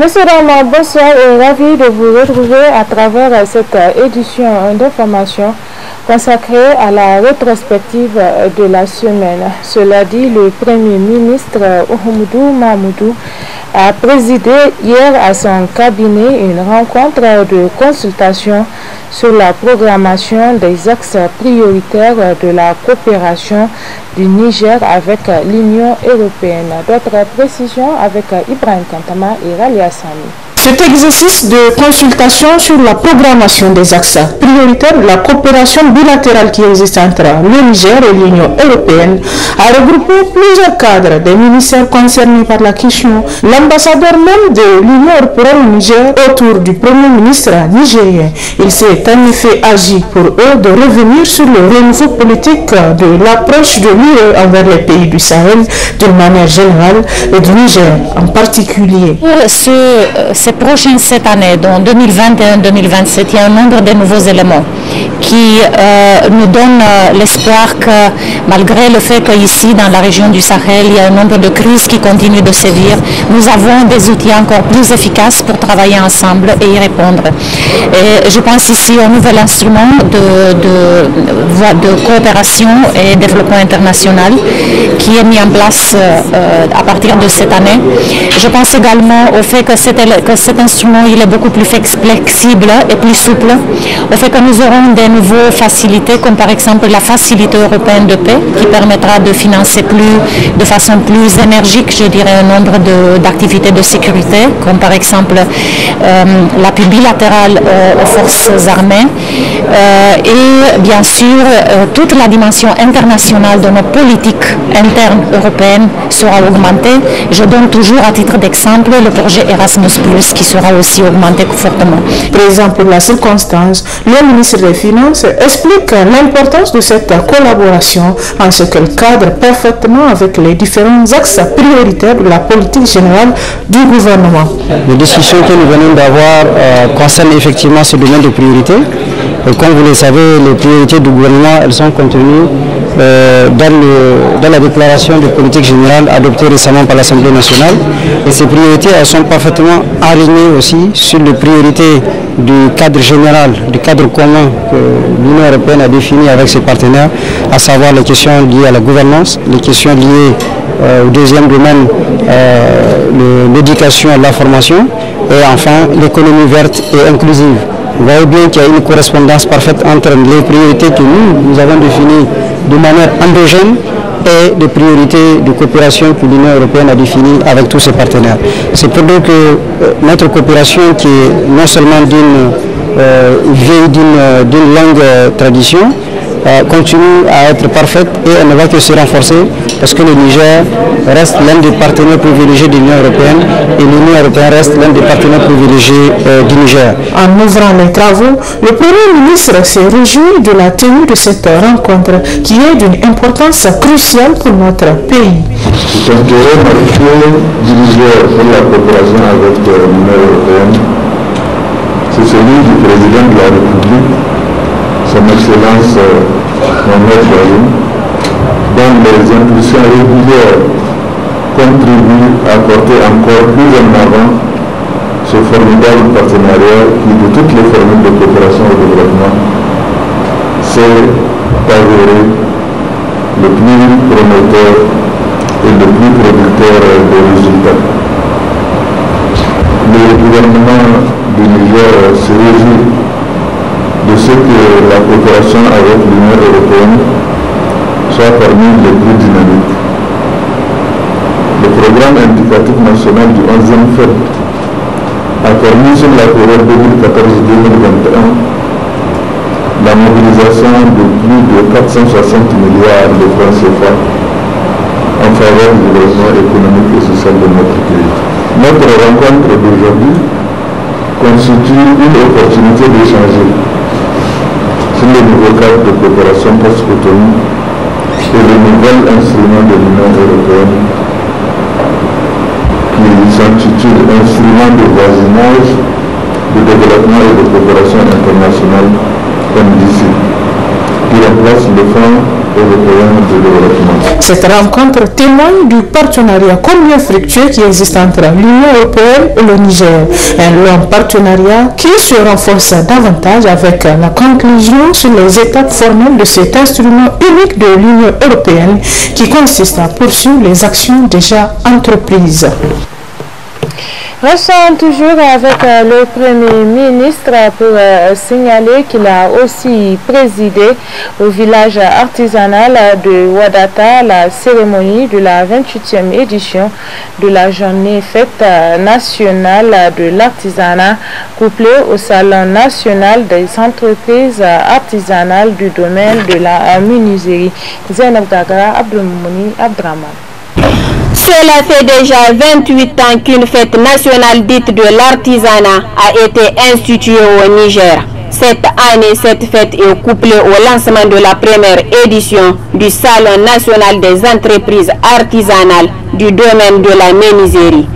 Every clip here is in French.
Monsieur Rama, bonsoir et ravi de vous retrouver à travers euh, cette euh, édition euh, d'information consacrée à la rétrospective de la semaine. Cela dit, le Premier ministre Oumoudou Mahmoudou a présidé hier à son cabinet une rencontre de consultation sur la programmation des axes prioritaires de la coopération du Niger avec l'Union européenne. D'autres précisions avec Ibrahim Kantama et Ralia Assani. Cet exercice de consultation sur la programmation des axes prioritaires la coopération bilatérale qui existe entre le Niger et l'Union européenne a regroupé plusieurs cadres des ministères concernés par la question, l'ambassadeur même de l'Union européenne au Niger autour du Premier ministre nigérien. Il s'est en effet agi pour eux de revenir sur le renouveau politique de l'approche de l'UE envers les pays du Sahel d'une manière générale et du Niger en particulier. Pour euh, prochaine cette année, donc 2021-2027, il y a un nombre de nouveaux éléments qui euh, nous donnent euh, l'espoir que malgré le fait qu'ici, dans la région du Sahel, il y a un nombre de crises qui continuent de sévir, nous avons des outils encore plus efficaces pour travailler ensemble et y répondre. Et je pense ici au nouvel instrument de, coopération et développement international qui est mis en place euh, à partir de cette année. Je pense également au fait que, que cet instrument, il est beaucoup plus flexible et plus souple, au fait que nous aurons des nouveaux facilités, comme par exemple la facilité européenne de paix, qui permettra de financer plus, de façon plus énergique, je dirais, un nombre d'activités de, sécurité, comme par exemple la euh, l'appui bilatérale aux forces armées, euh, et bien sûr euh, toute la dimension internationale de nos politiques internes européennes sera augmentée. Je donne toujours à titre d'exemple le projet Erasmus ⁇ qui sera aussi augmentée fortement. Par exemple, la circonstance, le ministre des Finances explique l'importance de cette collaboration en ce qu'elle cadre parfaitement avec les différents axes prioritaires de la politique générale du gouvernement. Les discussions que nous venons d'avoir euh, concernent effectivement ce domaine de priorité comme vous le savez, les priorités du gouvernement, elles sont contenues euh, dans, la déclaration de politique générale adoptée récemment par l'Assemblée nationale. Et ces priorités, elles sont parfaitement alignées aussi sur les priorités du cadre général, du cadre commun que l'Union européenne a défini avec ses partenaires, à savoir les questions liées à la gouvernance, les questions liées euh, au deuxième domaine, euh, l'éducation et la formation, et enfin l'économie verte et inclusive voyez bien qu'il y a une correspondance parfaite entre les priorités que nous, avons définies de manière endogène et les priorités de coopération que l'Union européenne a définies avec tous ses partenaires. C'est pour dire que euh, notre coopération qui est non seulement d'une euh, vieille, d'une euh, longue tradition, euh, continue à être parfaite et elle ne va que se renforcer parce que le Niger reste l'un des partenaires privilégiés de l'Union européenne et l'Union européenne reste l'un des partenaires privilégiés euh, du Niger. En ouvrant les travaux, le Premier ministre s'est réjoui de la tenue de cette rencontre qui est d'une importance cruciale pour notre pays. du Niger pour la coopération avec euh, l'Union européenne, c'est celui du président de la République son Excellence euh, Mohamed Bayoum, dont les impulsions régulières contribuent à porter encore plus en avant ce formidable partenariat qui, de toutes les formules de coopération de développement, s'est avéré le plus promoteur et le plus producteur de résultats. Le gouvernement du Niger se réjouit de ce que la coopération avec l'Union européenne soit parmi les plus dynamiques. Le programme indicatif national du 11e FED a permis sur la période 2014-2021 la mobilisation de plus de 460 milliards de francs CFA en faveur du développement économique et social de notre pays. Notre rencontre d'aujourd'hui constitue une opportunité d'échanger sur le nouveau cadre de coopération post-Cotonou et le nouvel instrument de l'Union européenne qui s'intitule Instrument de voisinage, de développement et de coopération internationale, comme MDC, qui remplace le Fonds cette rencontre témoigne du partenariat commun fructueux qui existe entre l'Union européenne et le Niger. Un long partenariat qui se renforce davantage avec la conclusion sur les étapes formelles de cet instrument unique de l'Union européenne qui consiste à poursuivre les actions déjà entreprises sommes toujours avec euh, le Premier ministre pour euh, signaler qu'il a aussi présidé au village artisanal de Wadata la cérémonie de la 28e édition de la journée fête euh, nationale de l'artisanat couplée au Salon national des entreprises artisanales du domaine de la menuiserie. Zainab Abdraman cela fait déjà 28 ans qu'une fête nationale dite de l'artisanat a été instituée au Niger. Cette année, cette fête est couplée au lancement de la première édition du Salon national des entreprises artisanales du domaine de la Ménisérie.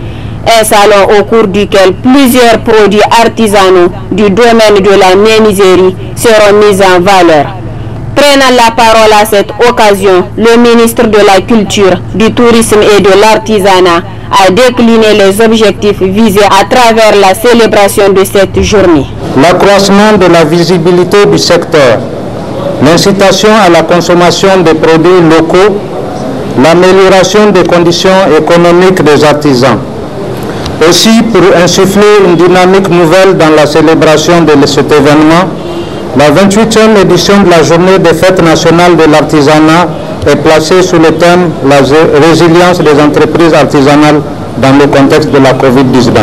Un salon au cours duquel plusieurs produits artisanaux du domaine de la Ménisérie seront mis en valeur. Prenant la parole à cette occasion, le ministre de la Culture, du Tourisme et de l'Artisanat a décliné les objectifs visés à travers la célébration de cette journée. L'accroissement de la visibilité du secteur, l'incitation à la consommation des produits locaux, l'amélioration des conditions économiques des artisans. Aussi, pour insuffler une dynamique nouvelle dans la célébration de cet événement, la 28e édition de la journée des fêtes nationales de l'artisanat est placée sous le thème La résilience des entreprises artisanales dans le contexte de la COVID-19.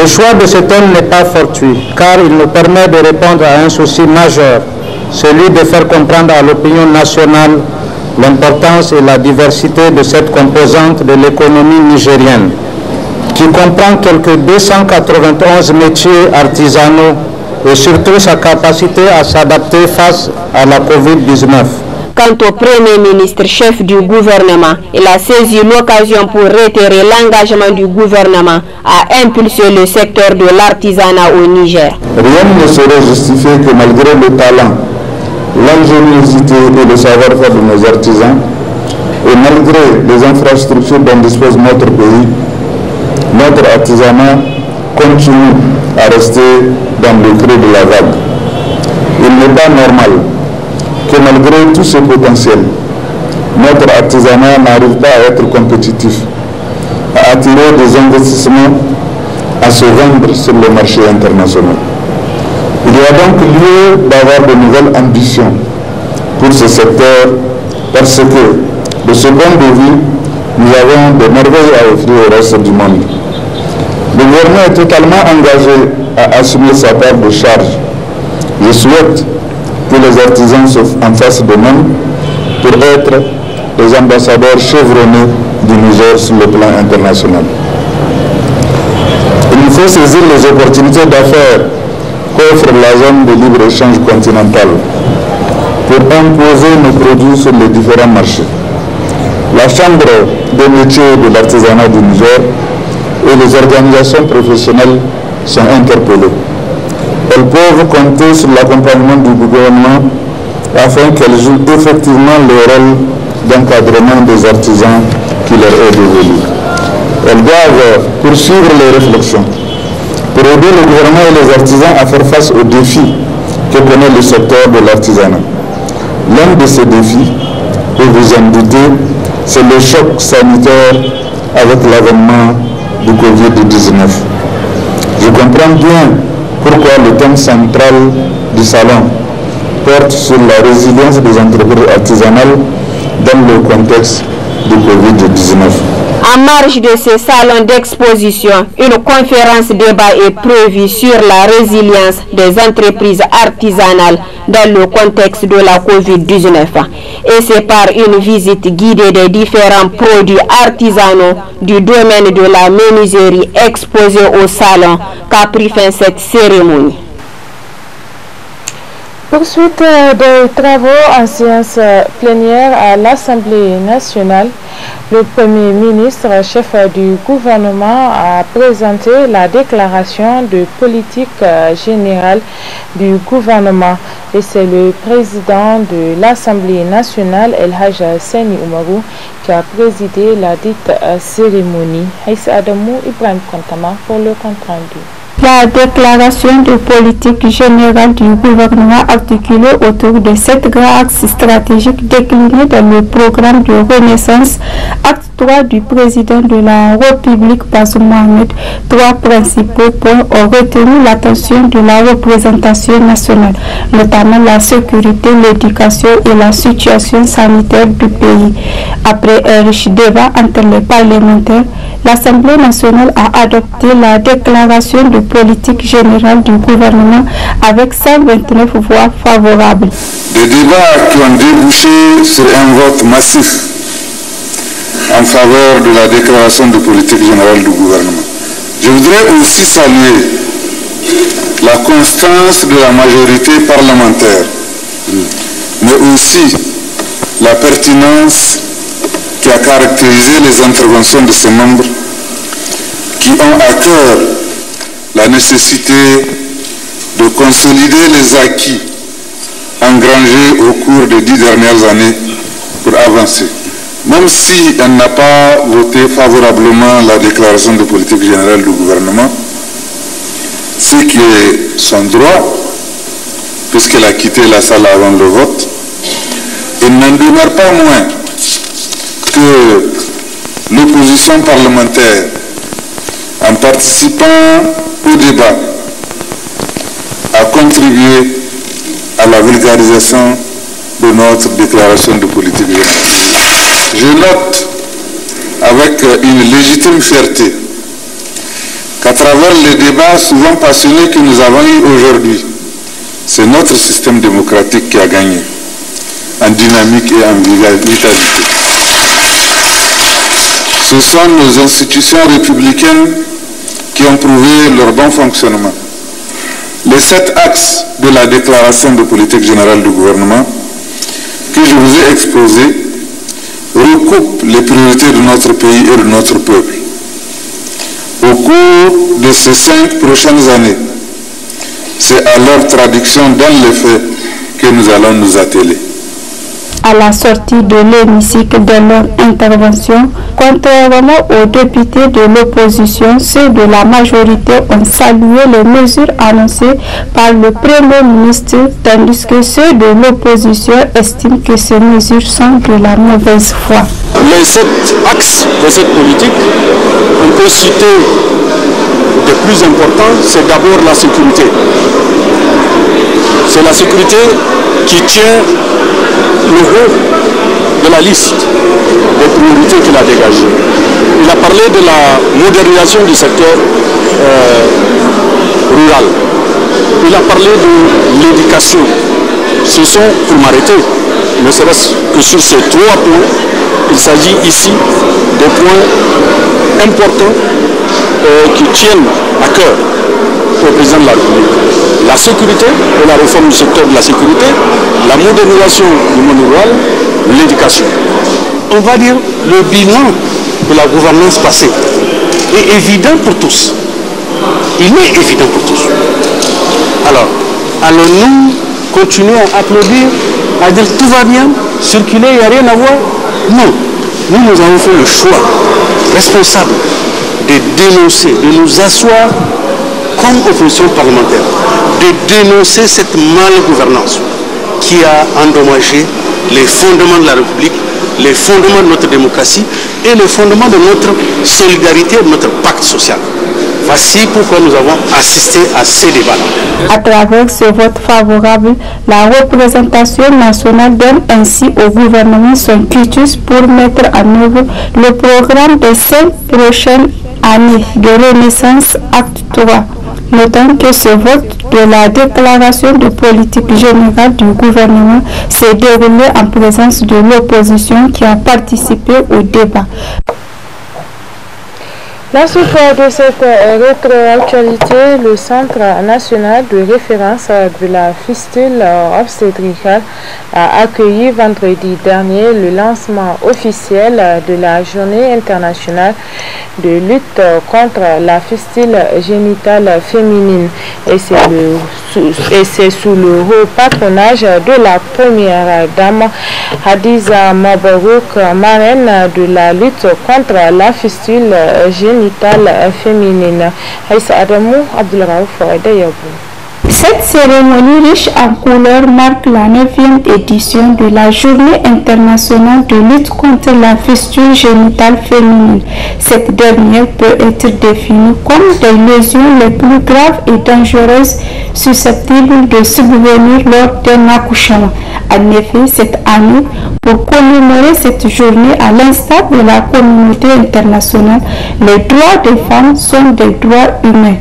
Le choix de ce thème n'est pas fortuit, car il nous permet de répondre à un souci majeur, celui de faire comprendre à l'opinion nationale l'importance et la diversité de cette composante de l'économie nigérienne, qui comprend quelques 291 métiers artisanaux et surtout sa capacité à s'adapter face à la COVID-19. Quant au Premier ministre chef du gouvernement, il a saisi l'occasion pour réitérer l'engagement du gouvernement à impulser le secteur de l'artisanat au Niger. Rien ne serait justifié que malgré le talent, l'ingéniosité et le savoir-faire de nos artisans, et malgré les infrastructures dont dispose notre pays, notre artisanat continue à rester dans le creux de la vague. Il n'est pas normal que malgré tout ce potentiel, notre artisanat n'arrive pas à être compétitif, à attirer des investissements, à se vendre sur le marché international. Il y a donc lieu d'avoir de nouvelles ambitions pour ce secteur parce que, de ce point de vue, nous avons des merveilles à offrir au reste du monde. Le gouvernement est totalement engagé à assumer sa part de charge. Je souhaite que les artisans en fassent de même pour être les ambassadeurs chevronnés du Niger sur le plan international. Il nous faut saisir les opportunités d'affaires qu'offre la zone de libre-échange continental pour imposer nos produits sur les différents marchés. La Chambre des métiers de l'artisanat du Niger et les organisations professionnelles sont interpellées. Elles peuvent compter sur l'accompagnement du gouvernement afin qu'elles jouent effectivement le rôle d'encadrement des artisans qui leur est dévolu. Elles doivent poursuivre les réflexions pour aider le gouvernement et les artisans à faire face aux défis que connaît le secteur de l'artisanat. L'un de ces défis, que vous en c'est le choc sanitaire avec l'avènement du Covid-19. Je comprends bien pourquoi le thème central du salon porte sur la résilience des entreprises artisanales dans le contexte du Covid-19. En marge de ce salon d'exposition, une conférence débat est prévue sur la résilience des entreprises artisanales dans le contexte de la COVID-19. Et c'est par une visite guidée des différents produits artisanaux du domaine de la menuiserie exposés au salon qu'a pris fin cette cérémonie. Poursuite euh, des travaux en séance plénière à l'Assemblée nationale, le Premier ministre, chef du gouvernement, a présenté la déclaration de politique euh, générale du gouvernement. Et c'est le président de l'Assemblée nationale, El Hajj Seni qui a présidé la dite euh, cérémonie. Adamou Ibrahim Kontama pour le compte rendu la déclaration de politique générale du gouvernement articulée autour de sept grands axes stratégiques déclinés dans le programme de renaissance, acte 3 du président de la République, Bazoum Mohamed. Trois principaux points ont retenu l'attention de la représentation nationale, notamment la sécurité, l'éducation et la situation sanitaire du pays. Après un riche débat entre les parlementaires, l'Assemblée nationale a adopté la déclaration de politique générale du gouvernement avec 129 voix favorables. Des débats qui ont débouché sur un vote massif en faveur de la déclaration de politique générale du gouvernement. Je voudrais aussi saluer la constance de la majorité parlementaire, mais aussi la pertinence qui a caractérisé les interventions de ces membres qui ont à cœur la nécessité de consolider les acquis engrangés au cours des dix dernières années pour avancer. Même si elle n'a pas voté favorablement la déclaration de politique générale du gouvernement, ce qui est son droit, puisqu'elle a quitté la salle avant le vote, il n'en demeure pas moins que l'opposition parlementaire en participant au débat, a contribué à la vulgarisation de notre déclaration de politique générale. Je note avec une légitime fierté qu'à travers les débats souvent passionnés que nous avons eu aujourd'hui, c'est notre système démocratique qui a gagné en dynamique et en vitalité. Ce sont nos institutions républicaines qui ont prouvé leur bon fonctionnement. Les sept axes de la déclaration de politique générale du gouvernement que je vous ai exposé recoupent les priorités de notre pays et de notre peuple. Au cours de ces cinq prochaines années, c'est à leur traduction dans les faits que nous allons nous atteler. À la sortie de l'hémicycle de leur intervention, Contrairement aux députés de l'opposition, ceux de la majorité ont salué les mesures annoncées par le Premier ministre, tandis que ceux de l'opposition estiment que ces mesures sont de la mauvaise foi. Les sept axes de cette politique, on peut citer de plus important, c'est d'abord la sécurité. C'est la sécurité qui tient le vœu la liste des priorités qu'il a dégagées. Il a parlé de la modernisation du secteur euh, rural. Il a parlé de l'éducation. Ce sont, pour m'arrêter, ne serait-ce que sur ces trois points, il s'agit ici des points importants euh, qui tiennent à cœur président de la La sécurité et la réforme du secteur de la sécurité, la modernisation du monde rural, l'éducation. On va dire le bilan de la gouvernance passée est évident pour tous. Il est évident pour tous. Alors, allons-nous continuer à applaudir, à dire tout va bien, circuler, il n'y a rien à voir Non. Nous, nous avons fait le choix responsable de dénoncer, de nous asseoir parlementaire, de dénoncer cette malgouvernance qui a endommagé les fondements de la République, les fondements de notre démocratie et les fondements de notre solidarité, de notre pacte social. Voici pourquoi nous avons assisté à ces débats À travers ce vote favorable, la représentation nationale donne ainsi au gouvernement son quitus pour mettre à œuvre le programme des cinq prochaines années de renaissance acte 3. Notons que ce vote de la déclaration de politique générale du gouvernement s'est déroulé en présence de l'opposition qui a participé au débat. Dans ce cadre de cette euh, rétroactualité, le Centre national de référence de la fistule obstétricale a accueilli vendredi dernier le lancement officiel de la journée internationale de lutte contre la fistule génitale féminine. Et c'est le et c'est sous le haut patronage de la première dame Hadiza Mabarouk, marraine de la lutte contre la fistule génitale féminine. Aïssa Adamou, cette cérémonie riche en couleurs marque la 9e édition de la Journée internationale de lutte contre la fistule génitale féminine. Cette dernière peut être définie comme des lésions les plus graves et dangereuses susceptibles de subvenir lors d'un accouchement. En effet, cette année, pour commémorer cette journée à l'instar de la communauté internationale, les droits des femmes sont des droits humains.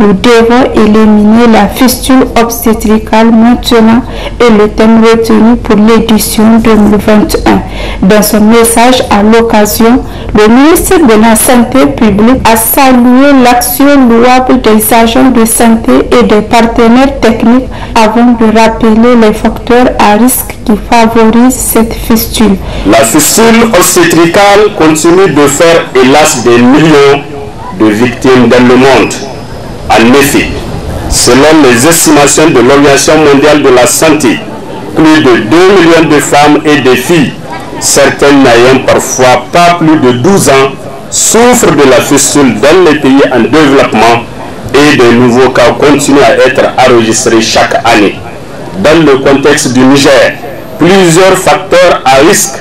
Nous devons éliminer la fistule obstétricale maintenant et le thème retenu pour l'édition 2021. Dans son message à l'occasion, le ministre de la Santé publique a salué l'action louable des agents de santé et des partenaires technique techniques avant de rappeler les facteurs à risque qui favorisent cette fistule. La fistule obstétricale continue de faire hélas des millions de victimes dans le monde. En effet, selon les estimations de l'Organisation mondiale de la santé, plus de 2 millions de femmes et de filles, certaines n'ayant parfois pas plus de 12 ans, souffrent de la fistule dans les pays en développement et de nouveaux cas continuent à être enregistrés chaque année. Dans le contexte du Niger, plusieurs facteurs à risque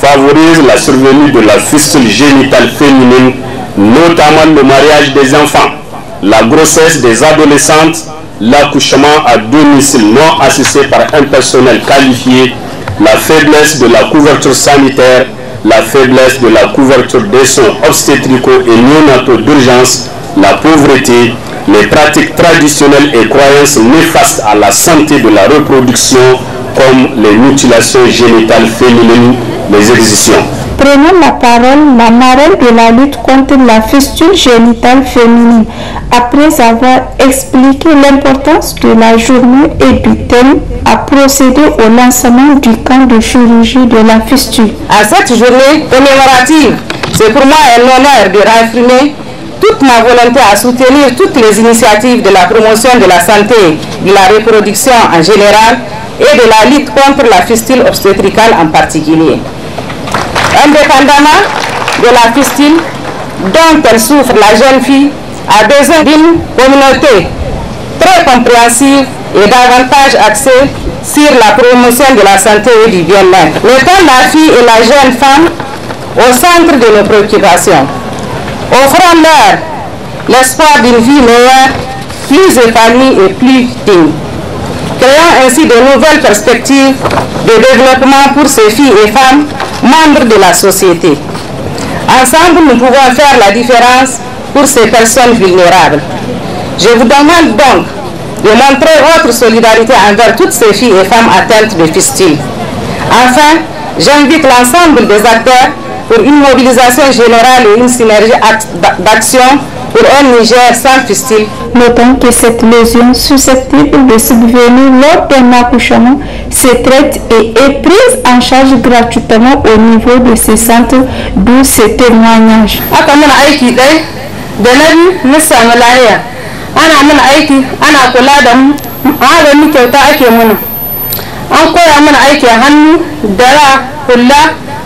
favorisent la survenue de la fistule génitale féminine, notamment le mariage des enfants, la grossesse des adolescentes, l'accouchement à domicile non assisté par un personnel qualifié, la faiblesse de la couverture sanitaire, la faiblesse de la couverture des soins obstétricaux et néonataux d'urgence, la pauvreté, les pratiques traditionnelles et croyances néfastes à la santé de la reproduction comme les mutilations génitales féminines, les excisions. Prenons la parole, la de la lutte contre la fistule génitale féminine, après avoir expliqué l'importance de la journée et du thème, a procédé au lancement du camp de chirurgie de la fistule. À cette journée commémorative, c'est pour moi un honneur de réaffirmer toute ma volonté à soutenir toutes les initiatives de la promotion de la santé, de la reproduction en général et de la lutte contre la fistule obstétricale en particulier. Indépendamment de la fistule dont elle souffre, la jeune fille a besoin d'une communauté très compréhensive et davantage axée sur la promotion de la santé et du bien-être, Mettons la fille et la jeune femme au centre de nos préoccupations offrant leur l'espoir d'une vie meilleure, plus épanouie et plus digne, créant ainsi de nouvelles perspectives de développement pour ces filles et femmes membres de la société. Ensemble, nous pouvons faire la différence pour ces personnes vulnérables. Je vous demande donc de montrer votre solidarité envers toutes ces filles et femmes atteintes de fistules. Enfin, j'invite l'ensemble des acteurs pour une mobilisation générale et une synergie d'action pour un Niger sans fistule. Notons que cette lésion susceptible de subvenir lors d'un accouchement se traite et est prise en charge gratuitement au niveau de ces centres d'où ce témoignage.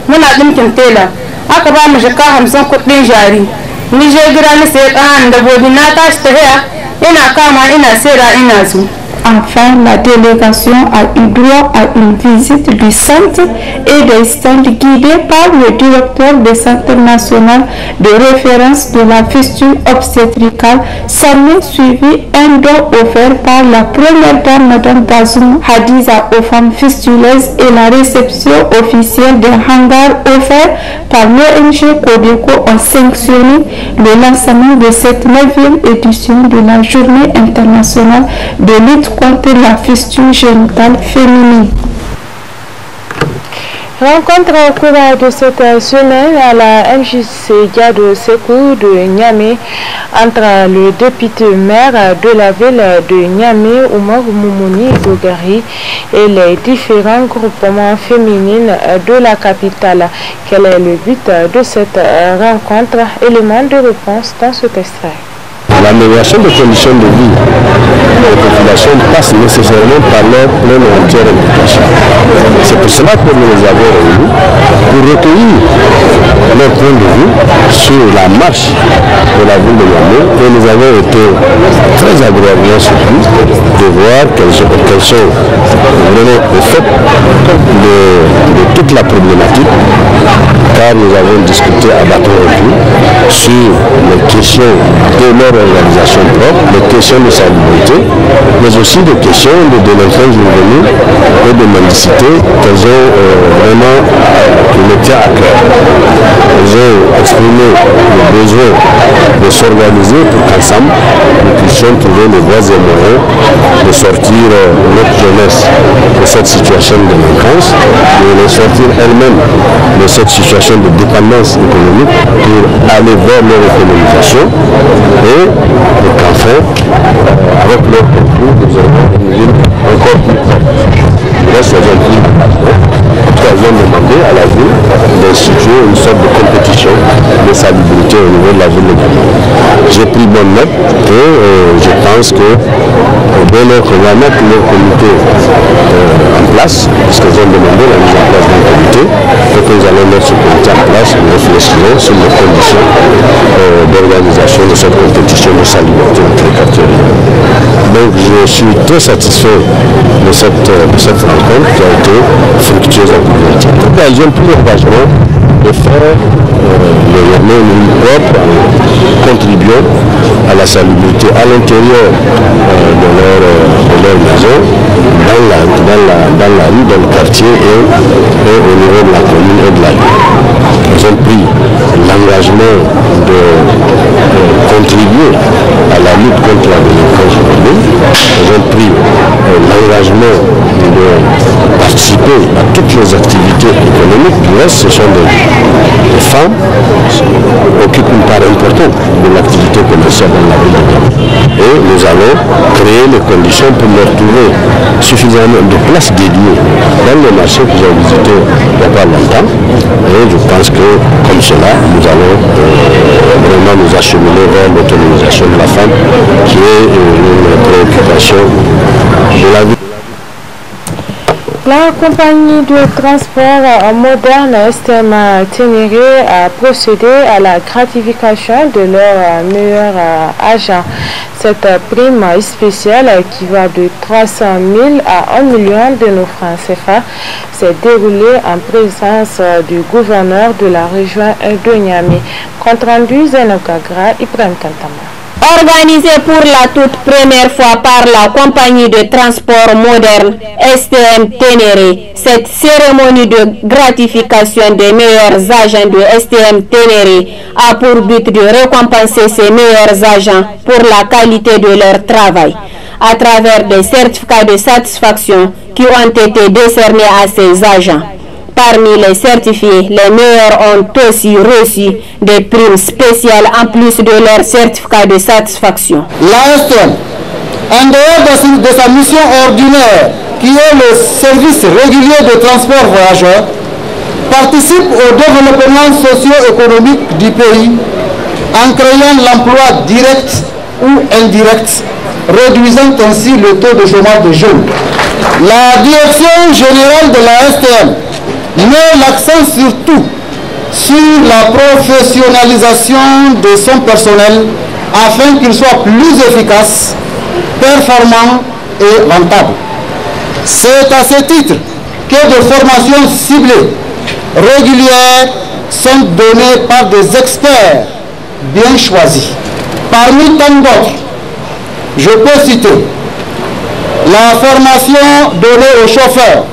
muna ɗinkin tela aka ba mu shaka hamsin kuɗin jari ni je gida ni sayi ƙananan dabobi na tashi tafiya ina kama ina sera ina zu Enfin, la délégation a eu droit à une visite du centre et des stands guidés par le directeur de Centre national de référence de la fistule obstétricale, s'en suivi un don offert par la première dame, Madame Bazoum Hadiza, aux femmes fistuleuses et la réception officielle d'un hangar offert par l'ONG Codeco en sanctionné le lancement de cette neuvième édition de la Journée internationale de lutte contre la fistule génitale féminine. Rencontre au cours de cette semaine à la MJC de Sekou de Niamey entre le député maire de la ville de Niamey, Oumar Moumouni Bougari et les différents groupements féminines de la capitale. Quel est le but de cette rencontre Élément de réponse dans ce extrait. L'amélioration des conditions de vie la population passe nécessairement par leur pleine entière éducation. C'est pour cela que nous les avons réunis pour recueillir leur point de vue sur la marche de la ville de Yamé et nous avons été très agréablement surpris de voir quelles sont, les sont de, toute la problématique car nous avons discuté à bâton aujourd'hui sur les questions de leur organisation propre, les questions de liberté, mais aussi des questions de de juvénile et de mendicité qu'elles ont euh, vraiment le tient à cœur. Je ont exprimé le besoin de s'organiser pour qu'ensemble, nous puissions trouver les voies et moyens de sortir euh, notre jeunesse de cette situation de délinquance et de sortir elle-même de cette situation de dépendance économique pour aller vers leur économisation et pour qu'enfin, euh, avec leur concours, nous aurons une encore plus forte. Reste à la une sorte de compétition de salubrité au niveau de la ville de Goma. J'ai pris bonne note et euh, je pense que euh, dès lors qu'on va mettre le comité euh, en place, puisqu'ils ont demandé la mise en place d'un comité, et que nous allons mettre ce comité en place, nous réfléchirons sur les conditions d'organisation de cette compétition de salubrité entre les donc je suis très satisfait de cette, euh, rencontre qui a été fructueuse en communauté. Ils ont pris l'engagement de faire euh, le journée propre contribuant à la salubrité à l'intérieur euh, de, leur, maison, dans la, dans rue, dans le quartier et, au niveau de la commune et de la ville. Ils ont pris l'engagement de, de contribuer à la lutte contre la violence repris euh, l'engagement de à toutes les activités économiques. Du reste, ce sont des, femmes qui occupent une part importante de l'activité commerciale dans la ville Et nous allons créer les conditions pour leur trouver suffisamment de places dédiées dans le marché que avons visités il n'y a pas longtemps. Et je pense que comme cela, nous allons euh, vraiment nous acheminer vers l'autonomisation de la femme, qui est euh, une préoccupation de la vie. La compagnie de transport moderne STM Ténéré a procédé à la gratification de leur meilleur agent. Cette prime spéciale qui va de 300 000 à 1 million de nos francs CFA s'est déroulée en présence du gouverneur de la région de Niamey. Compte rendu Zenokagra Ibrahim Kantama organisé pour la toute première fois par la compagnie de transport moderne STM Ténéré. Cette cérémonie de gratification des meilleurs agents de STM Ténéré a pour but de récompenser ces meilleurs agents pour la qualité de leur travail à travers des certificats de satisfaction qui ont été décernés à ces agents. Parmi les certifiés, les meilleurs ont aussi reçu des primes spéciales en plus de leur certificat de satisfaction. STM, en dehors de sa mission ordinaire, qui est le service régulier de transport voyageurs, participe au développement socio-économique du pays en créant l'emploi direct ou indirect, réduisant ainsi le taux de chômage des jeunes. La direction générale de la STM mais l'accent surtout sur la professionnalisation de son personnel afin qu'il soit plus efficace, performant et rentable. C'est à ce titre que des formations ciblées, régulières, sont données par des experts bien choisis. Parmi tant d'autres, je peux citer la formation donnée aux chauffeurs,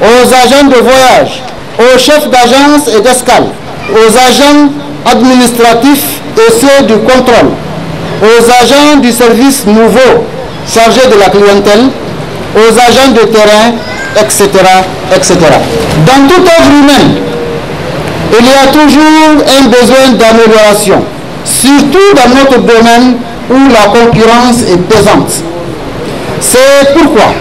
aux agents de voyage, aux chefs d'agence et d'escale, aux agents administratifs et ceux du contrôle, aux agents du service nouveau chargé de la clientèle, aux agents de terrain, etc. etc. Dans tout œuvre humaine, il y a toujours un besoin d'amélioration, surtout dans notre domaine où la concurrence est pesante. C'est pourquoi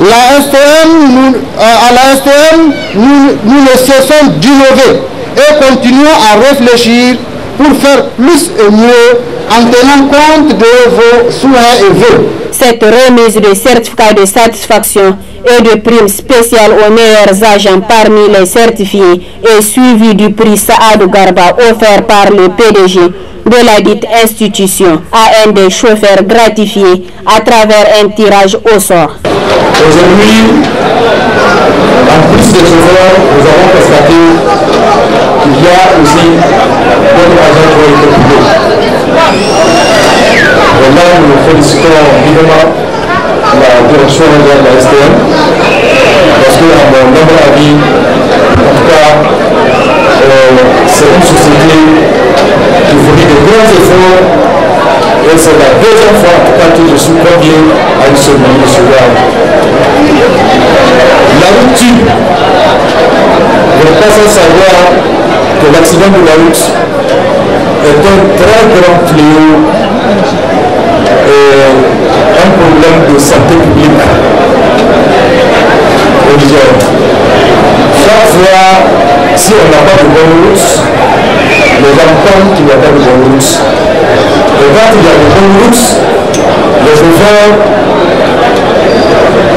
la STM, euh, à la STM, nous ne cessons d'innover et continuons à réfléchir pour faire plus et mieux en tenant compte de vos souhaits et vœux. Cette remise de certificats de satisfaction et de primes spéciales aux meilleurs agents parmi les certifiés est suivie du prix Saadou Garba offert par le PDG de la dite institution à un des chauffeurs gratifiés à travers un tirage au sort. Aujourd'hui, en plus chauffeurs, nous avons constaté il y a aussi d'autres agents qui ont été publiés. Vraiment, nous félicitons vivement la direction de la STM parce que, mon avis, en tout cas, euh, c'est une société qui fournit de grands efforts et c'est la deuxième fois, en tout cas, que je suis convié à une semaine de ce Là n'est pas à savoir que l'accident de la route est un très grand fléau et un problème de santé publique au Niger. Chaque fois, si on n'a pas de bonne route, les gens pensent qu'il n'y a pas de bonne route. Et quand il y a de bonne route, les enfants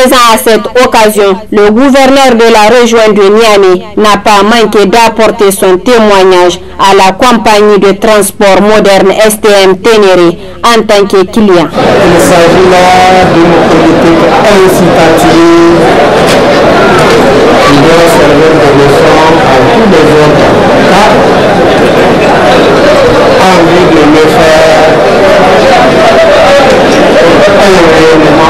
présent à cette occasion, le gouverneur de la région de Niamey n'a pas manqué d'apporter son témoignage à la compagnie de transport moderne STM Ténéré en tant que client. Il s'agit là d'une politique incitative qui doit servir de leçon à tous les autres cas en de le faire un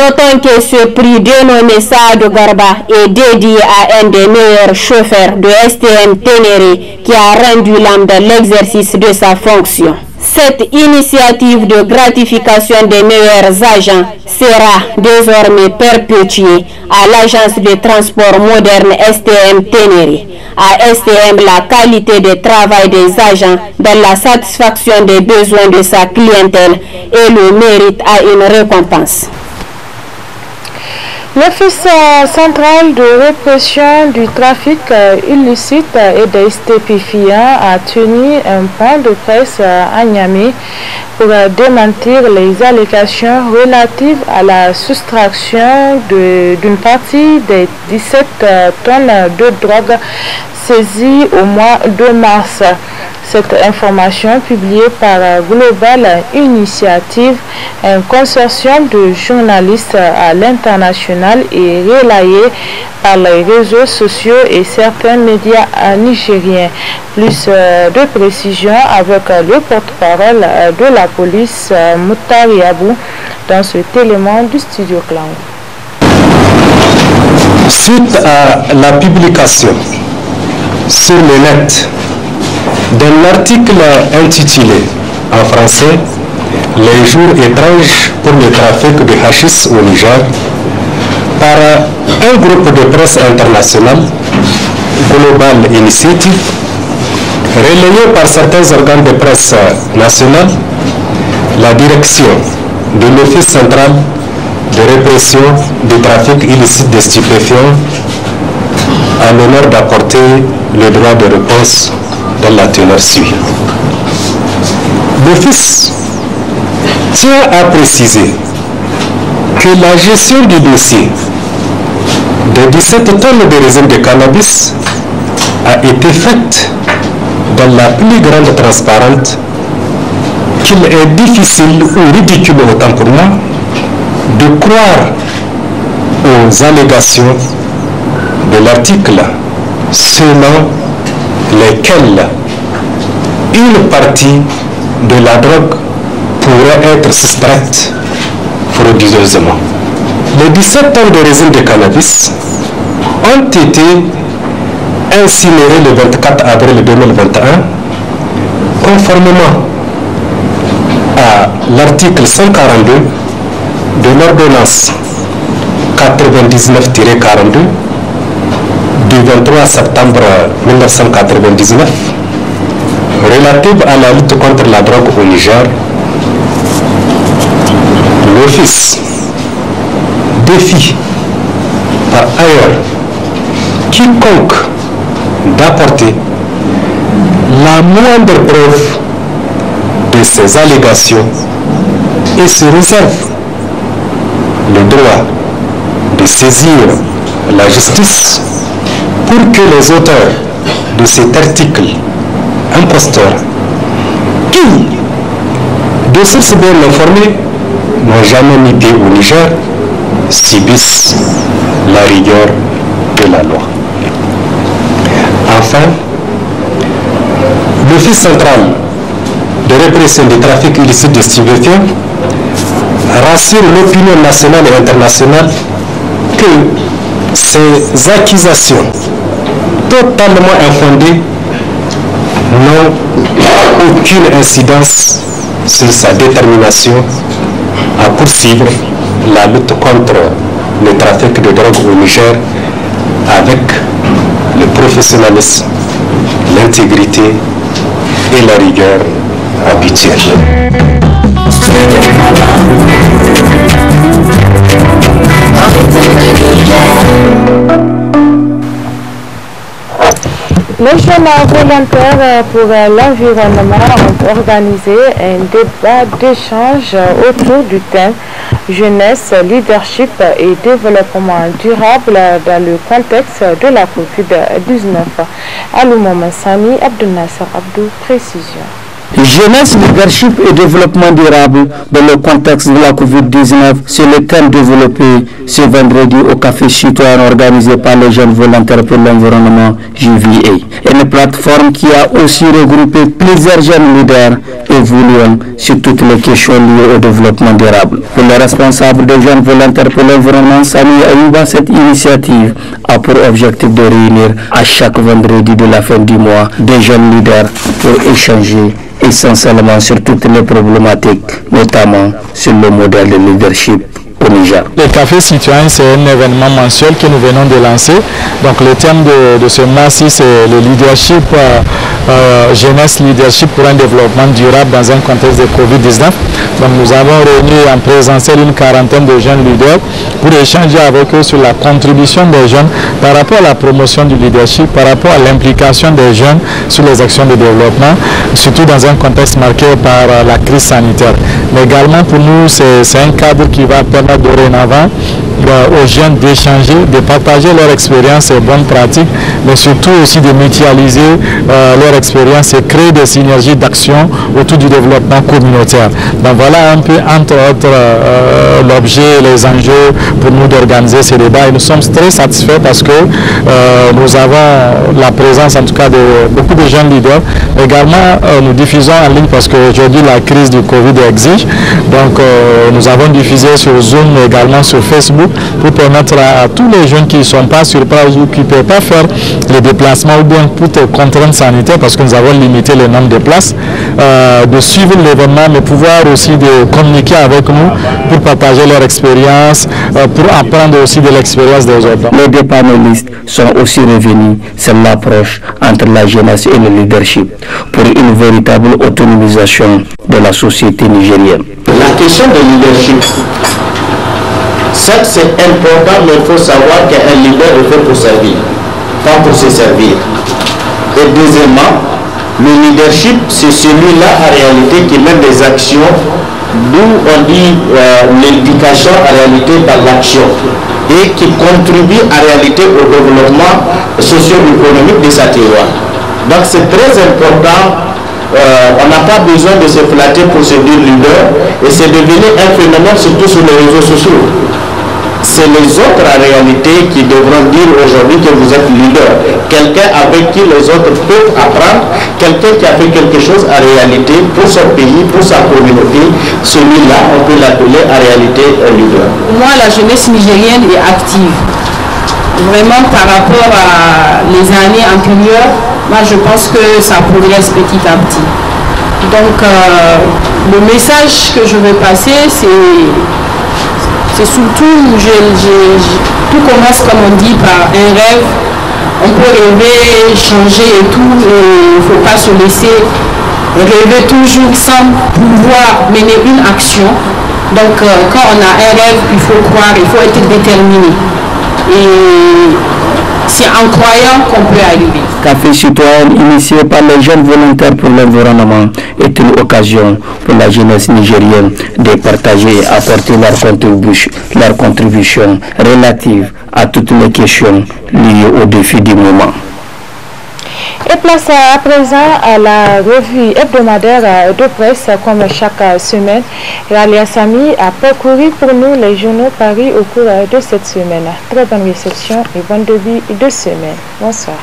notons que ce prix dénommé Saad Garba est dédié à un des meilleurs chauffeurs de STM Ténéré qui a rendu l'âme de l'exercice de sa fonction. Cette initiative de gratification des meilleurs agents sera désormais perpétuée à l'agence de transport moderne STM Ténéré. À STM, la qualité de travail des agents dans la satisfaction des besoins de sa clientèle et le mérite à une récompense. L'Office euh, central de répression du trafic euh, illicite et des stupéfiants a tenu un point de presse euh, à Niamey pour démentir les allégations relatives à la soustraction d'une partie des 17 tonnes de drogue saisies au mois de mars. Cette information publiée par Global Initiative, un consortium de journalistes à l'international, est relayée par les réseaux sociaux et certains médias nigériens. Plus euh, de précision avec le porte-parole de la police, euh, Mutari Abou, dans cet élément du studio Clown. Suite à la publication sur le net dans l'article intitulé en français Les jours étranges pour le trafic de hachis au Niger par un groupe de presse internationale, Global Initiative, relayé par certains organes de presse nationale, la direction de l'Office central de répression du trafic illicite de stupéfiants en l'honneur d'apporter le droit de réponse dans la teneur suivante. L'Office tient à préciser que la gestion du dossier de 17 tonnes de résine de cannabis a été faite dans la plus grande transparence qu'il est difficile ou ridicule temps pour moi de croire aux allégations de l'article selon lesquels une partie de la drogue pourrait être soustraite frauduleusement. Les 17 tonnes de résine de cannabis ont été incinérées le 24 avril 2021 conformément à l'article 142 de l'ordonnance 99-42 du 23 septembre 1999 relative à la lutte contre la drogue au Niger, l'Office défie par ailleurs quiconque d'apporter la moindre preuve de ces allégations et se réserve le droit de saisir la justice pour que les auteurs de cet article imposteur, qui, de source bien informés n'ont jamais mis au Niger, subissent la rigueur de la loi. Enfin, l'Office central de répression du trafic illicite de stupéfiants rassure l'opinion nationale et internationale que ces accusations totalement infondée n'ont aucune incidence sur sa détermination à poursuivre la lutte contre le trafic de drogue au Niger avec le professionnalisme, l'intégrité et la rigueur habituelle. Le chemin volontaire euh, pour euh, l'environnement a organisé un débat d'échange euh, autour du thème Jeunesse, leadership et développement durable dans le contexte de la COVID-19. Alouma Sami, Abdel Nasser Abdou, précision. Jeunesse, leadership et développement durable dans le contexte de la COVID-19, c'est le thème développé ce vendredi au Café Citoyen organisé par les jeunes volontaires pour l'environnement JVA. Une plateforme qui a aussi regroupé plusieurs jeunes leaders sur toutes les questions liées au développement durable. Pour le responsable des jeunes volontaires pour l'environnement, Sami Ayouba, cette initiative a pour objectif de réunir à chaque vendredi de la fin du mois des jeunes leaders pour échanger essentiellement sur toutes les problématiques, notamment sur le modèle de leadership le Café Citoyen, c'est un événement mensuel que nous venons de lancer. Donc le thème de, ce mois-ci, c'est le leadership, euh, euh, jeunesse leadership pour un développement durable dans un contexte de Covid-19. Donc nous avons réuni en présentiel une quarantaine de jeunes leaders pour échanger avec eux sur la contribution des jeunes par rapport à la promotion du leadership, par rapport à l'implication des jeunes sur les actions de développement, surtout dans un contexte marqué par euh, la crise sanitaire. Mais également pour nous, c'est un cadre qui va permettre de Gorenavá aux jeunes d'échanger, de partager leur expérience et bonnes pratiques, mais surtout aussi de mutualiser leurs leur expérience et créer des synergies d'action autour du développement communautaire. Donc voilà un peu, entre autres, euh, euh, l'objet les enjeux pour nous d'organiser ces débats. Et nous sommes très satisfaits parce que euh, nous avons la présence, en tout cas, de beaucoup de jeunes leaders. Également, nous diffusons en ligne parce qu'aujourd'hui, la crise du Covid exige. Donc, nous avons diffusé sur Zoom, mais également sur Facebook pour permettre à tous les jeunes qui ne sont pas sur place ou qui ne peuvent pas faire les déplacements ou bien pour des contraintes sanitaires parce que nous avons limité le nombre de places, euh, de suivre l'événement mais pouvoir aussi de communiquer avec nous pour partager leur expérience, euh, pour apprendre aussi de l'expérience des autres. Les deux panélistes sont aussi revenus sur l'approche entre la jeunesse et le leadership pour une véritable autonomisation de la société nigérienne. La question du leadership ça c'est important, mais il faut savoir qu'un leader est fait pour servir, pas pour se servir. Et deuxièmement, le leadership, c'est celui-là en réalité qui mène des actions, d'où on dit euh, l'indication l'éducation en réalité par l'action, et qui contribue en réalité au développement socio-économique de sa terre. Donc c'est très important euh, on n'a pas besoin de se flatter pour se dire leader et c'est devenu un phénomène surtout sur les réseaux sociaux c'est les autres à réalité qui devront dire aujourd'hui que vous êtes leader. Quelqu'un avec qui les autres peuvent apprendre, quelqu'un qui a fait quelque chose à réalité pour son pays, pour sa communauté, celui-là, on peut l'appeler en réalité leader. Moi, la jeunesse nigérienne est active. Vraiment par rapport à les années antérieures, moi je pense que ça progresse petit à petit. Donc euh, le message que je veux passer, c'est c'est surtout, tout commence comme on dit par un rêve. On peut rêver, changer et tout. Il ne faut pas se laisser rêver toujours sans pouvoir mener une action. Donc euh, quand on a un rêve, il faut croire, il faut être déterminé. Et c'est incroyable croyant qu'on peut arriver. Café citoyen initié par les jeunes volontaires pour l'environnement est une occasion pour la jeunesse nigérienne de partager et apporter leur, contribution, leur contribution relative à toutes les questions liées aux défis du moment. Et place à présent à la revue hebdomadaire euh, de presse euh, comme chaque euh, semaine. Ralia Sami a parcouru pour nous les journaux Paris au cours de cette semaine. Très bonne réception et bonne début de semaine. Bonsoir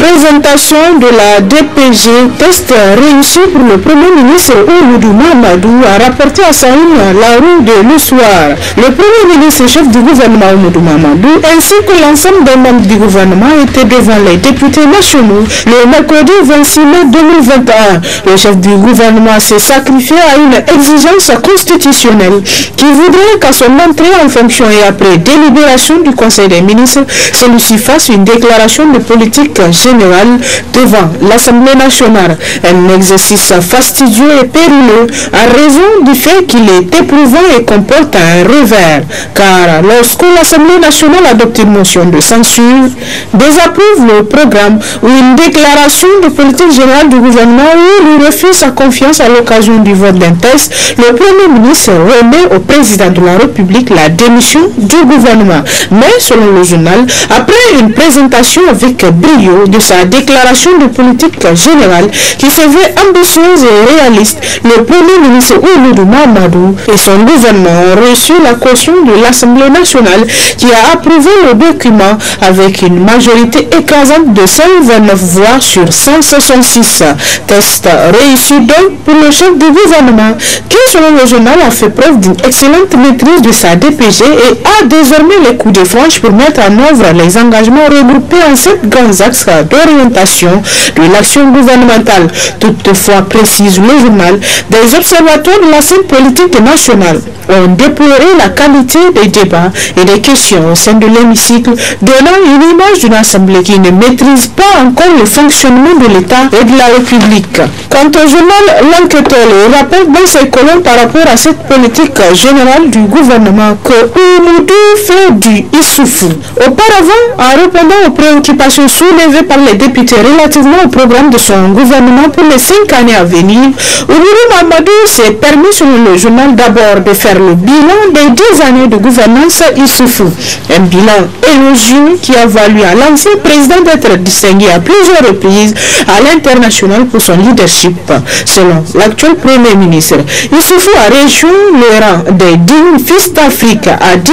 présentation de la DPG test réussi pour le Premier ministre Oumoudou Mamadou a rapporté à la rue de le soir. Le Premier ministre chef du gouvernement Oumoudou Mamadou ainsi que l'ensemble des membres du gouvernement étaient devant les députés nationaux le mercredi 26 mai 2021. Le chef du gouvernement s'est sacrifié à une exigence constitutionnelle qui voudrait qu'à son entrée en fonction et après délibération du Conseil des ministres, celui-ci fasse une déclaration de politique générale devant l'Assemblée nationale. Un exercice fastidieux et périlleux à raison du fait qu'il est éprouvant et comporte un revers. Car lorsque l'Assemblée nationale adopte une motion de censure, désapprouve le programme ou une déclaration de politique générale du gouvernement ou lui refuse sa confiance à l'occasion du vote d'un test, le Premier ministre remet au président de la République la démission du gouvernement. Mais selon le journal, après une présentation avec brio de sa déclaration de politique générale qui se veut ambitieuse et réaliste, le premier ministre Ouloudou Mamadou et son gouvernement ont reçu la caution de l'Assemblée nationale qui a approuvé le document avec une majorité écrasante de 129 voix sur 166. Test réussi donc pour le chef du gouvernement qui, selon le journal, a fait preuve d'une excellente maîtrise de sa DPG et a désormais les coups de franche pour mettre en œuvre les engagements regroupés en sept grands axes orientation de l'action gouvernementale. Toutefois, précise le journal, des observateurs de la scène politique nationale ont déploré la qualité des débats et des questions au sein de l'hémicycle, donnant une image d'une assemblée qui ne maîtrise pas encore le fonctionnement de l'État et de la République. Quant au journal, l'enquêteur le rapporte dans ses colonnes par rapport à cette politique générale du gouvernement que nous fait du Issoufou. Auparavant, en répondant aux préoccupations soulevées par les députés relativement au programme de son gouvernement pour les cinq années à venir, Oumourou Mamadou s'est permis sur le journal d'abord de faire le bilan des dix années de gouvernance Issoufou. Un bilan élogieux qui a valu à l'ancien président d'être distingué à plusieurs reprises à l'international pour son leadership. Selon l'actuel premier ministre, Issoufou a réjoui le rang des dignes fils d'Afrique à Di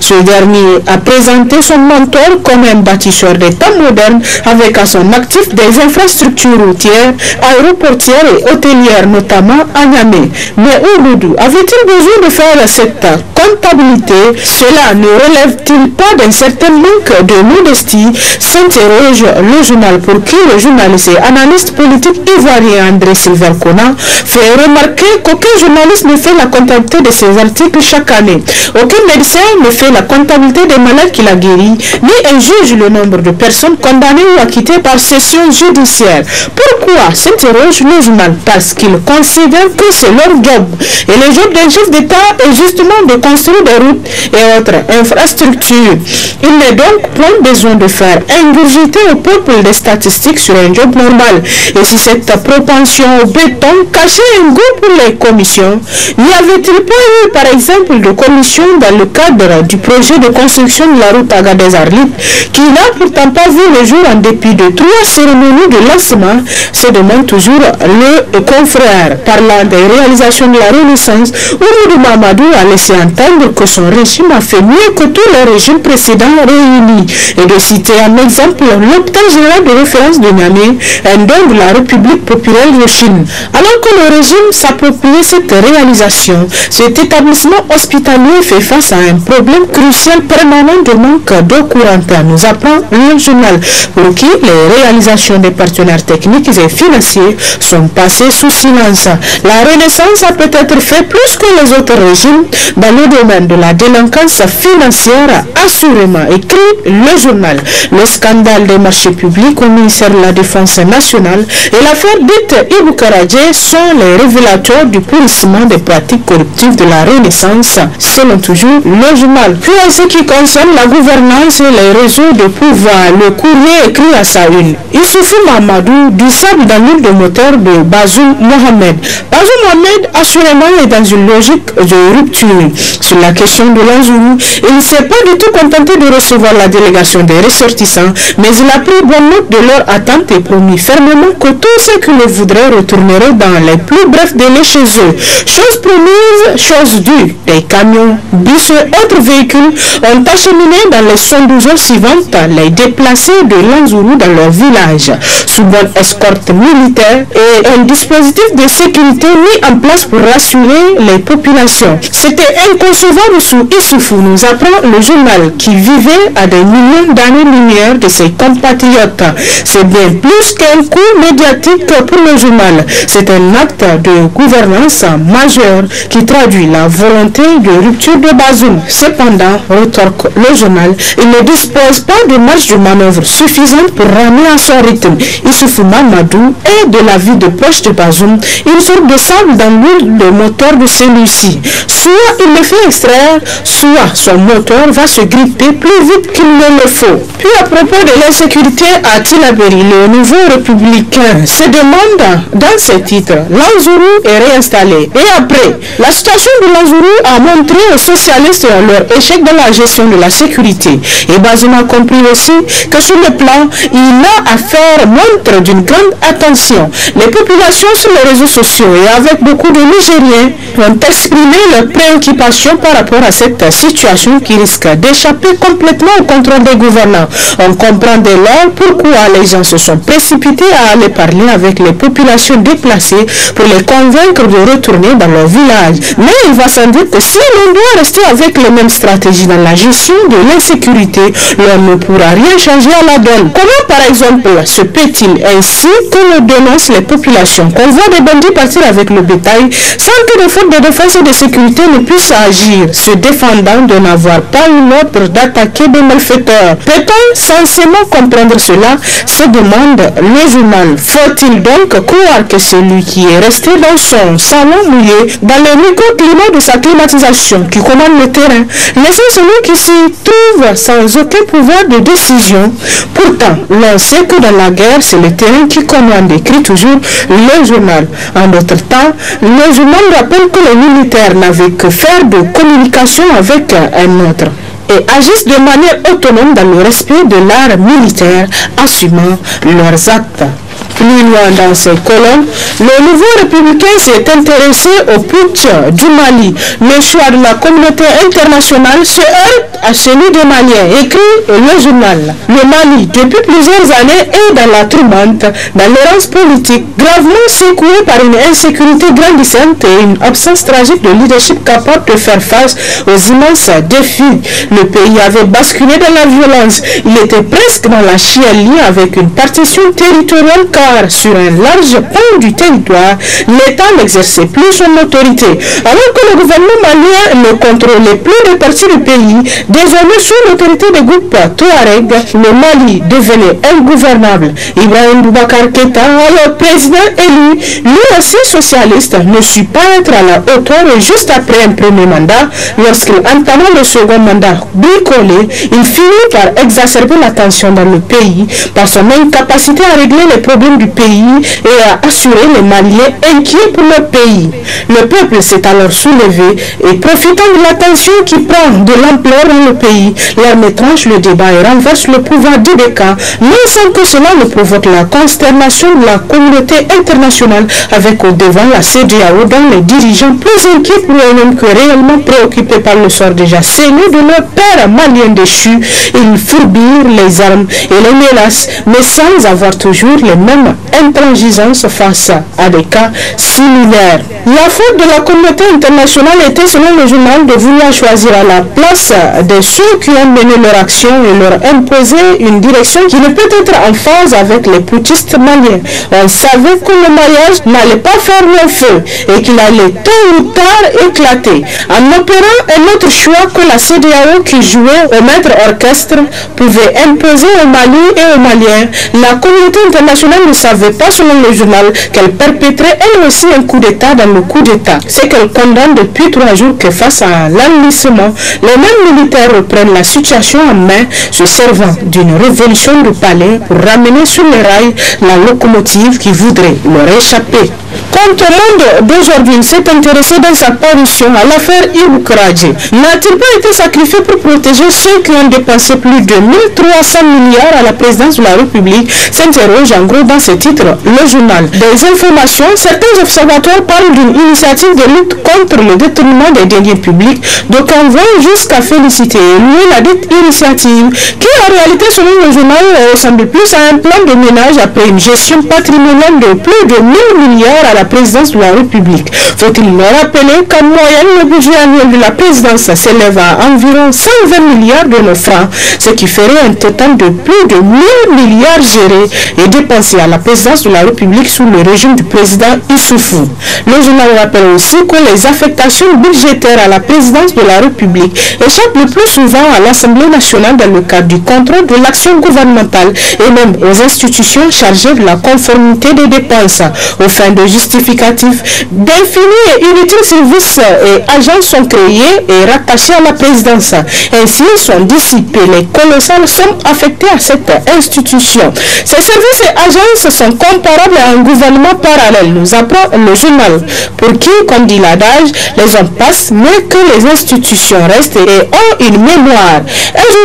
Ce dernier a présenté son mentor comme un bâtisseur d'État moderne avec à son actif des infrastructures routières, aéroportières et hôtelières, notamment à Niamey. Mais Ouroudou avait-il besoin de faire cette comptabilité Cela ne relève-t-il pas d'un certain manque de modestie s'interroge le journal pour qui le journaliste et analyste politique ivoirien André Sylvain Kona fait remarquer qu'aucun journaliste ne fait la comptabilité de ses articles chaque année. Aucun médecin ne fait la comptabilité des malades qu'il a guéris, ni un juge le nombre de personnes condamné ou acquitté par session judiciaire. Pourquoi s'interroge le journal Parce qu'ils considèrent que c'est leur job. Et le job d'un chef d'État est justement de construire des routes et autres infrastructures. Il n'est donc point besoin de faire ingurgiter au peuple des statistiques sur un job normal. Et si cette propension au béton cachait un goût pour les commissions, n'y avait-il pas eu par exemple de commission dans le cadre du projet de construction de la route Agadez-Arlit qui n'a pourtant pas vu en dépit de trois cérémonies de lancement, se demande toujours le confrère. Parlant des réalisations de la Renaissance, Oumoudou Mamadou a laissé entendre que son régime a fait mieux que tous les régimes précédents réunis et de citer un exemple l'hôpital général de référence de Niamey, un don de la République populaire de Chine. Alors que le régime s'appropriait cette réalisation, cet établissement hospitalier fait face à un problème crucial permanent de manque d'eau courant. nous apprend le journal pour qui les réalisations des partenaires techniques et financiers sont passées sous silence. La Renaissance a peut-être fait plus que les autres régimes dans le domaine de la délinquance financière, assurément, écrit le journal. Le scandale des marchés publics au ministère de la Défense nationale et l'affaire dite Iboukaradje sont les révélateurs du pourrissement des pratiques corruptives de la Renaissance, selon toujours le journal. Puis ce qui concerne la gouvernance et les réseaux de pouvoir, le cours a écrit à sa une. Issoufou Mamadou, du sable dans l'île de moteur de Bazou Mohamed. Bazou Mohamed, assurément, est dans une logique de rupture. Sur la question de l'Azou, il ne s'est pas du tout contenté de recevoir la délégation des ressortissants, mais il a pris bonne note de leur attente et promis fermement que tous ceux qui le voudraient retourneraient dans les plus brefs délais chez eux. Chose promise, chose due. Des camions, bus autres véhicules ont acheminé dans les 112 heures suivantes les déplacés de Lanzourou dans leur village, sous bonne escorte militaire et un dispositif de sécurité mis en place pour rassurer les populations. C'était inconcevable sous Issoufou, nous apprend le journal, qui vivait à des millions d'années-lumière de ses compatriotes. C'est bien plus qu'un coup médiatique pour le journal. C'est un acte de gouvernance majeur qui traduit la volonté de rupture de Bazoum. Cependant, retorque le journal, il ne dispose pas de marge de manœuvre suffisante pour ramener à son rythme. Issoufou Mamadou et de la vie de Poche de Bazoum une sorte de sable dans l'huile de moteur de celui-ci. Soit il le fait extraire, soit son moteur va se gripper plus vite qu'il ne le faut. Puis à propos de l'insécurité à Tilaberi, le nouveau républicain se demande dans ses titres, Lanzourou est réinstallé. Et après, la situation de Lanzourou a montré aux socialistes leur échec dans la gestion de la sécurité. Et Bazoum a compris aussi que sur plan, il a à faire montre d'une grande attention. Les populations sur les réseaux sociaux et avec beaucoup de Nigériens ont exprimé leurs préoccupations par rapport à cette situation qui risque d'échapper complètement au contrôle des gouvernants. On comprend dès lors pourquoi les gens se sont précipités à aller parler avec les populations déplacées pour les convaincre de retourner dans leur village. Mais il va sans doute que si l'on doit rester avec les mêmes stratégies dans la gestion de l'insécurité, l'on ne pourra rien changer à la Comment par exemple se peut-il ainsi que nous dénonce les populations qu'on voit des bandits partir avec le bétail sans que les forces de défense et de sécurité ne puissent agir, se défendant de n'avoir pas une l'ordre d'attaquer des malfaiteurs Peut-on censément comprendre cela se demande le journal. Faut-il donc croire que celui qui est resté dans son salon mouillé, dans le micro-climat de sa climatisation qui commande le terrain, laissant celui qui s'y trouve sans aucun pouvoir de décision Pourtant, l'on sait que dans la guerre, c'est le terrain qui commande, écrit toujours le journal. En d'autres temps, le journal rappelle que les militaires n'avaient que faire de communication avec un autre et agissent de manière autonome dans le respect de l'art militaire, assumant leurs actes plus loin dans ses colonnes, le nouveau républicain s'est intéressé au putsch du Mali. Le choix de la communauté internationale se heurte à celui des Maliens, écrit le journal. Le Mali, depuis plusieurs années, est dans la tourmente, dans l'errance politique, gravement secouée par une insécurité grandissante et une absence tragique de leadership capable de faire face aux immenses défis. Le pays avait basculé dans la violence. Il était presque dans la chialie avec une partition territoriale car sur un large point du territoire, l'État n'exerçait plus son autorité. Alors que le gouvernement malien ne contrôlait plus de parties du pays, désormais sous l'autorité des groupes Touareg, le Mali devenait ingouvernable. Ibrahim Boubacar Keta, alors président élu, lui aussi socialiste, ne sut pas être à la hauteur juste après un premier mandat. Lorsqu'il entama le second mandat bricolé, il finit par exacerber la tension dans le pays par son incapacité à régler les problèmes du pays et à assurer les Maliens inquiets pour leur pays. Le peuple s'est alors soulevé et profitant de l'attention qui prend de l'ampleur dans le pays, l'armée tranche le débat et renverse le pouvoir d'Ibeka, mais sans que cela ne provoque la consternation de la communauté internationale avec au devant la CDAO dans les dirigeants plus inquiets pour eux-mêmes que réellement préoccupés par le sort déjà nous de leur père malien déchu. Ils fourbirent les armes et les menaces, mais sans avoir toujours les mêmes même intransigeance face à des cas similaires. La faute de la communauté internationale était, selon le journal, de vouloir choisir à la place de ceux qui ont mené leur action et leur imposer une direction qui ne peut être en phase avec les putschistes maliens. On savait que le mariage n'allait pas faire le feu et qu'il allait tôt ou tard éclater. En opérant un autre choix que la CDAO qui jouait au maître orchestre pouvait imposer au Mali et aux Maliens, la communauté internationale ne savait pas, selon le journal, qu'elle perpétrait elle aussi un coup d'État dans le coup d'État. C'est qu'elle condamne depuis trois jours que face à l'enlissement, les mêmes militaires reprennent la situation en main, se servant d'une révolution du palais pour ramener sur les rails la locomotive qui voudrait leur échapper. Quand au monde d'aujourd'hui s'est intéressé dans sa parution à l'affaire Ibukraji, n'a-t-il pas été sacrifié pour protéger ceux qui ont dépensé plus de 1300 milliards à la présidence de la République s'interroge en gros dans ce titre le journal. Des informations, certains observateurs parlent d'une initiative de lutte contre le détournement des deniers publics, donc on va jusqu'à féliciter lui la dite initiative qui en réalité selon le journal ressemble euh, plus à un plan de ménage après une gestion patrimoniale de plus de 1000 milliards à la présidence de la République. Faut-il le rappeler qu'en moyenne, le budget annuel de la présidence s'élève à environ 120 milliards de nos francs, ce qui ferait un total de plus de 1000 milliards gérés et dépensés à la présidence de la République sous le régime du président Issoufou. Le journal rappelle aussi que les affectations budgétaires à la présidence de la République échappent le plus souvent à l'Assemblée nationale dans le cadre du contrôle de l'action gouvernementale et même aux institutions chargées de la conformité des dépenses, aux fins de justice significatif. d'infini et inutile services et agents sont créés et rattachés à la présidence. Ainsi sont dissipés, les colossales sommes affectés à cette institution. Ces services et agences sont comparables à un gouvernement parallèle, nous apprend le journal, pour qui, comme dit l'adage, les hommes passent, mais que les institutions restent et ont une mémoire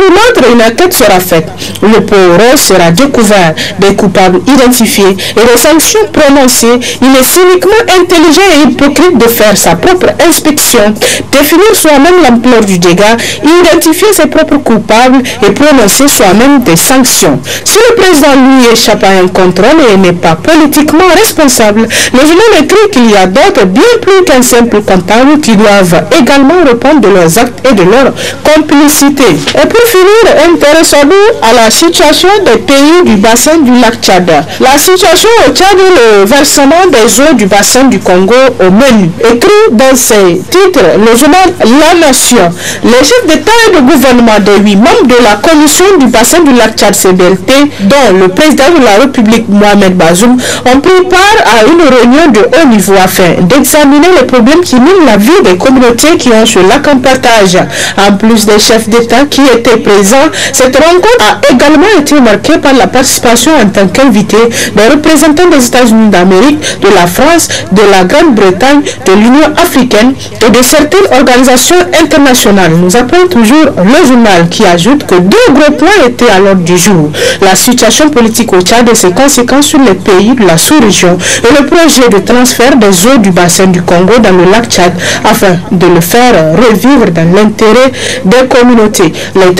une autre, une enquête sera faite. Le pauvre sera découvert, des coupables identifiés et des sanctions prononcées. Il est cyniquement intelligent et hypocrite de faire sa propre inspection, définir soi-même l'ampleur du dégât, identifier ses propres coupables et prononcer soi-même des sanctions. Si le président lui échappe à un contrôle et n'est pas politiquement responsable, le journal écrit qu'il y a d'autres bien plus qu'un simple comptable qui doivent également répondre de leurs actes et de leur complicité. Et pour pour finir, intéressons-nous à la situation des pays du bassin du lac Tchad. La situation au Tchad le versement des eaux du bassin du Congo au menu. Écrit dans ses titres, le journal La Nation, les chefs d'État et de gouvernement des huit membres de la commission du bassin du lac Tchad CBLT, dont le président de la République Mohamed Bazoum, ont pris part à une réunion de haut niveau afin d'examiner les problèmes qui minent la vie des communautés qui ont ce lac en partage. En plus des chefs d'État qui étaient présent. Cette rencontre a également été marquée par la participation en tant qu'invité des représentants des États-Unis d'Amérique, de la France, de la Grande-Bretagne, de l'Union africaine et de certaines organisations internationales. Nous apprenons toujours le journal qui ajoute que deux gros points étaient à l'ordre du jour. La situation politique au Tchad et ses conséquences sur les pays de la sous-région et le projet de transfert des eaux du bassin du Congo dans le lac Tchad afin de le faire revivre dans l'intérêt des communautés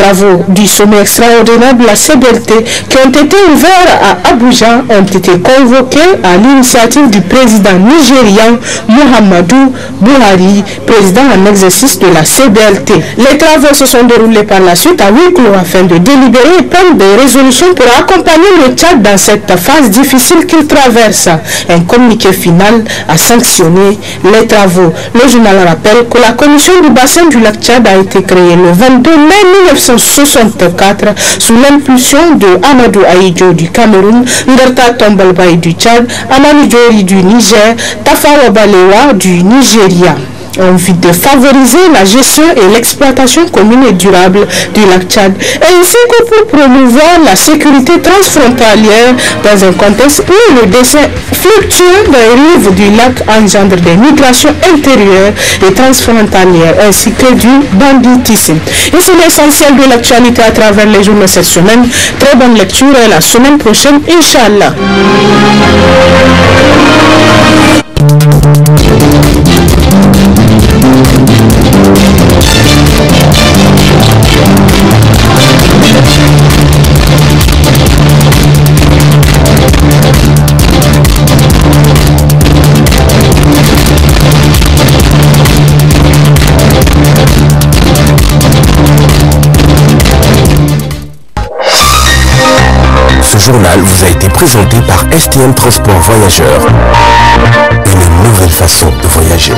travaux du sommet extraordinaire de la CBLT qui ont été ouverts à Abuja ont été convoqués à l'initiative du président nigérian Mohamedou Buhari, président en exercice de la CBLT. Les travaux se sont déroulés par la suite à huis afin de délibérer et prendre des résolutions pour accompagner le Tchad dans cette phase difficile qu'il traverse. Un communiqué final a sanctionné les travaux. Le journal rappelle que la commission du bassin du lac Tchad a été créée le 22 mai 1900 64, sous l'impulsion de Amadou Aïdjo du Cameroun, Ngerta Tombalbaï du Tchad, Amadou Diori du Niger, Tafawa Balewa du Nigeria envie de favoriser la gestion et l'exploitation commune et durable du lac Tchad, ainsi que pour promouvoir la sécurité transfrontalière dans un contexte où le dessin futur des rives du lac engendre des migrations intérieures et transfrontalières, ainsi que du banditisme. Et c'est l'essentiel de l'actualité à travers les journaux cette semaine. Très bonne lecture et la semaine prochaine, Inch'Allah. présenté par STM Transport Voyageurs. Une nouvelle façon de voyager.